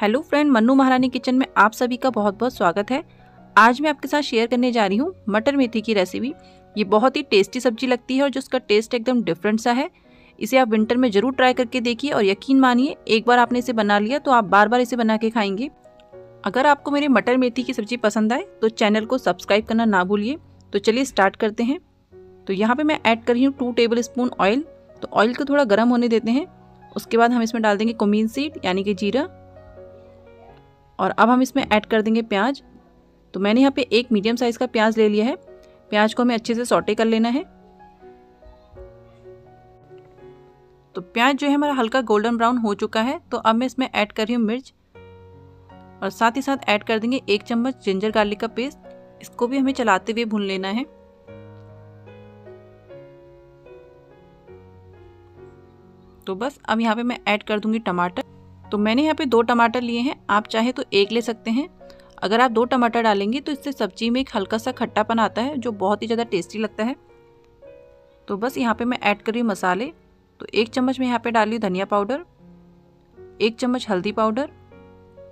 hello friend Mannu Maharani kitchen में आप सभी का बहुत बहुत स्वागत है आज मैं आपके साथ शेयर करने जा रही हूँ मटर मेथी की रेसिपी ये बहुत ही टेस्टी सब्जी लगती है और जो उसका टेस्ट एकदम डिफरेंट सा है इसे आप विंटर में ज़रूर ट्राई करके देखिए और यकीन मानिए एक बार आपने इसे बना लिया तो आप बार बार इसे बना के खाएंगे अगर आपको मेरे मटर मेथी की सब्जी पसंद आए तो चैनल को सब्सक्राइब करना ना भूलिए तो चलिए स्टार्ट करते हैं तो यहाँ पर मैं ऐड कर रही हूँ टू टेबल स्पून ऑयल तो ऑयल को थोड़ा गर्म होने देते हैं उसके बाद हम इसमें डाल देंगे कुमीन सीड यानी कि जीरा और अब हम इसमें ऐड कर देंगे प्याज तो मैंने यहाँ पे एक मीडियम साइज़ का प्याज ले लिया है प्याज को हमें अच्छे से सॉटे कर लेना है तो प्याज जो है हमारा हल्का गोल्डन ब्राउन हो चुका है तो अब मैं इसमें ऐड कर रही हूँ मिर्च और साथ ही साथ ऐड कर देंगे एक चम्मच जिंजर गार्लिक का पेस्ट इसको भी हमें चलाते हुए भून लेना है तो बस अब यहाँ पे मैं ऐड कर दूंगी टमाटर तो मैंने यहाँ पे दो टमाटर लिए हैं आप चाहे तो एक ले सकते हैं अगर आप दो टमाटर डालेंगे तो इससे सब्जी में एक हल्का सा खट्टापन आता है जो बहुत ही ज़्यादा टेस्टी लगता है तो बस यहाँ पे मैं ऐड करी मसाले तो एक चम्मच मैं यहाँ पे डाली धनिया पाउडर एक चम्मच हल्दी पाउडर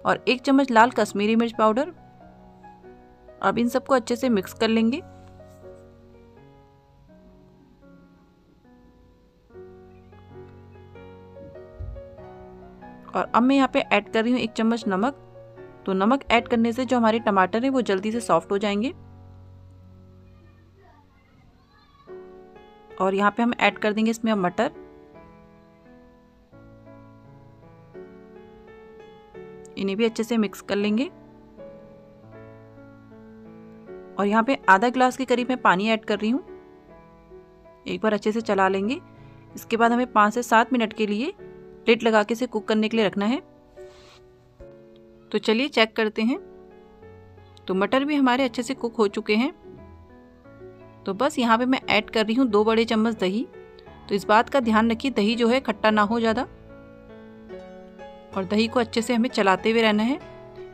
और एक चम्मच लाल कश्मीरी मिर्च पाउडर अब इन सबको अच्छे से मिक्स कर लेंगे और अब मैं यहाँ पे ऐड कर रही हूँ एक चम्मच नमक तो नमक ऐड करने से जो हमारे टमाटर हैं वो जल्दी से सॉफ्ट हो जाएंगे और यहाँ पे हम ऐड कर देंगे इसमें मटर इन्हें भी अच्छे से मिक्स कर लेंगे और यहाँ पे आधा ग्लास के करीब मैं पानी ऐड कर रही हूँ एक बार अच्छे से चला लेंगे इसके बाद हमें पाँच से सात मिनट के लिए प्लेट लगा के इसे कुक करने के लिए रखना है तो चलिए चेक करते हैं तो मटर भी हमारे अच्छे से कुक हो चुके हैं तो बस यहाँ पे मैं ऐड कर रही हूँ दो बड़े चम्मच दही तो इस बात का ध्यान रखिए दही जो है खट्टा ना हो ज़्यादा और दही को अच्छे से हमें चलाते हुए रहना है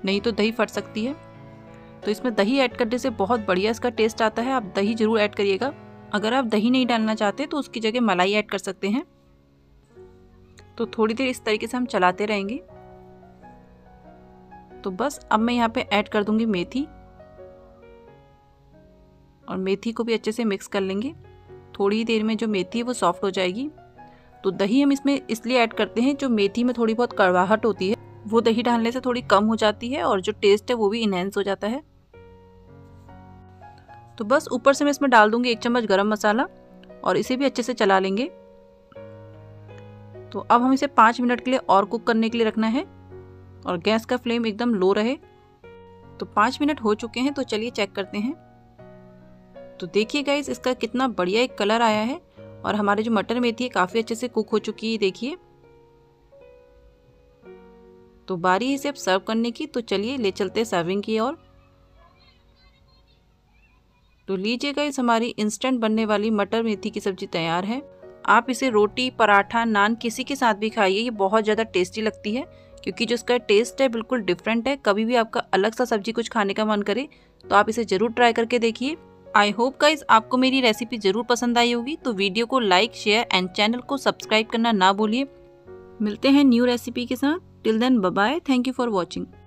नहीं तो दही फट सकती है तो इसमें दही ऐड करने से बहुत बढ़िया इसका टेस्ट आता है आप दही ज़रूर ऐड करिएगा अगर आप दही नहीं डालना चाहते तो उसकी जगह मलाई ऐड कर सकते हैं तो थोड़ी देर इस तरीके से हम चलाते रहेंगे तो बस अब मैं यहाँ पे ऐड कर दूंगी मेथी और मेथी को भी अच्छे से मिक्स कर लेंगे थोड़ी देर में जो मेथी है वो सॉफ्ट हो जाएगी तो दही हम इसमें इसलिए ऐड करते हैं जो मेथी में थोड़ी बहुत कड़वाहट होती है वो दही डालने से थोड़ी कम हो जाती है और जो टेस्ट है वो भी इन्हेंस हो जाता है तो बस ऊपर से मैं इसमें डाल दूंगी एक चम्मच गरम मसाला और इसे भी अच्छे से चला लेंगे तो अब हम इसे पाँच मिनट के लिए और कुक करने के लिए रखना है और गैस का फ्लेम एकदम लो रहे तो पाँच मिनट हो चुके हैं तो चलिए चेक करते हैं तो देखिए गाइज इसका कितना बढ़िया एक कलर आया है और हमारे जो मटर मेथी है काफ़ी अच्छे से कुक हो चुकी है देखिए तो बारी है इसे अब सर्व करने की तो चलिए ले चलते हैं सर्विंग की और तो लीजिए गाइज हमारी इंस्टेंट बनने वाली मटर मेथी की सब्ज़ी तैयार है आप इसे रोटी पराठा नान किसी के साथ भी खाइए ये बहुत ज़्यादा टेस्टी लगती है क्योंकि जो इसका टेस्ट है बिल्कुल डिफरेंट है कभी भी आपका अलग सा सब्जी कुछ खाने का मन करे तो आप इसे ज़रूर ट्राई करके देखिए आई होप का आपको मेरी रेसिपी ज़रूर पसंद आई होगी तो वीडियो को लाइक शेयर एंड चैनल को सब्सक्राइब करना ना भूलिए मिलते हैं न्यू रेसिपी के साथ till then bye thank you for watching